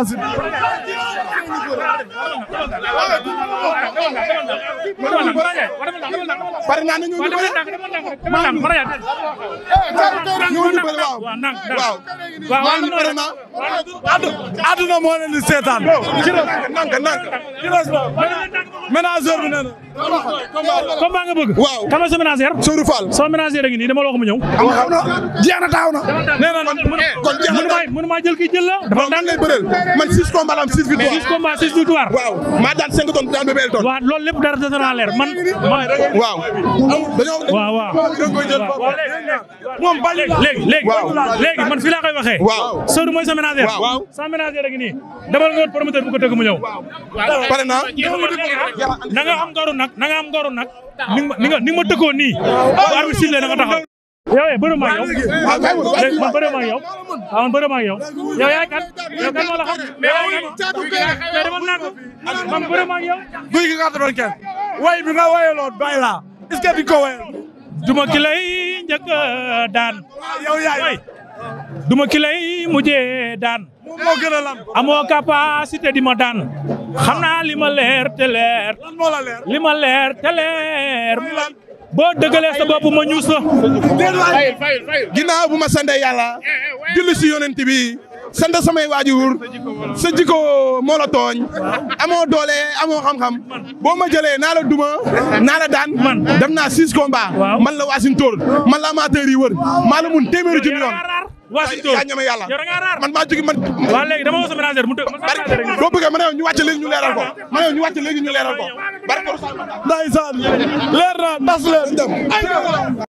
avance bari naa ne ñu ngi bëri maa ngi bëri waaw waaw maa ngi bëri naa àdduna moo leen di seetaan ménageur bi nee na. combat nga bëgg. waaw kan la sa ménageur. Sourou Fall. sama ménageur a ngi nii dama la wax mu ñëw. xam na jeex na taaw na. nee na kon jeex na taaw mënu maa jël kii jël la. dafa daan lay bëreel man six combats la am six victoire. six combats six victoire. waaw maa daan cinq tonnes daan bébé tonne. waaw loolu lépp dara dana leer man. waaw. dañoo waaw waaw. moom ba léegi léegi. léegi man fii laa koy waxee. waaw Sourou mooy sa ménageur. waaw sama ménageur a ngi nii. demal nga promoteur bu ko tëgg mu ñëw. pare naa na nga am ngaru nag na nga am ngaru nag ni nga ni a ni nga ma tëkkoon nii. bu arbitre sifflé na nga taxaw. yow eh man bëre maa yow ah man bëre maa yow yow kan yow kan moo la xam. mais dama naan man bëre maa yow. duma ki lay njëkk daan. yow duma ki lay mujjee daan. moo gën a lam amoo daan. xam li ma leer te leer. li ma leer te leer. boo dëggalee sa bopp ma ñuus la. ginnaaw bu ma sante yàlla. Eh, eh, julli si yonent bi. sant samay waajur sa jikko moo la tooñ amoo doole amoo xam-xam boo ma jëlee naa la duma naa la daan dem naa six combats man la waasin tóor man la amateur yi wër maa la mun téeméeri junni yoon Wassintor yaa ñeme yàlla man maa jóge man. waaw léegi dama woo sama manager mu tëgg. ñu wàcc léegi ñu leeral ko ma ne ñu wàcc léegi ñu leeral ko. ndeysaan leer na tas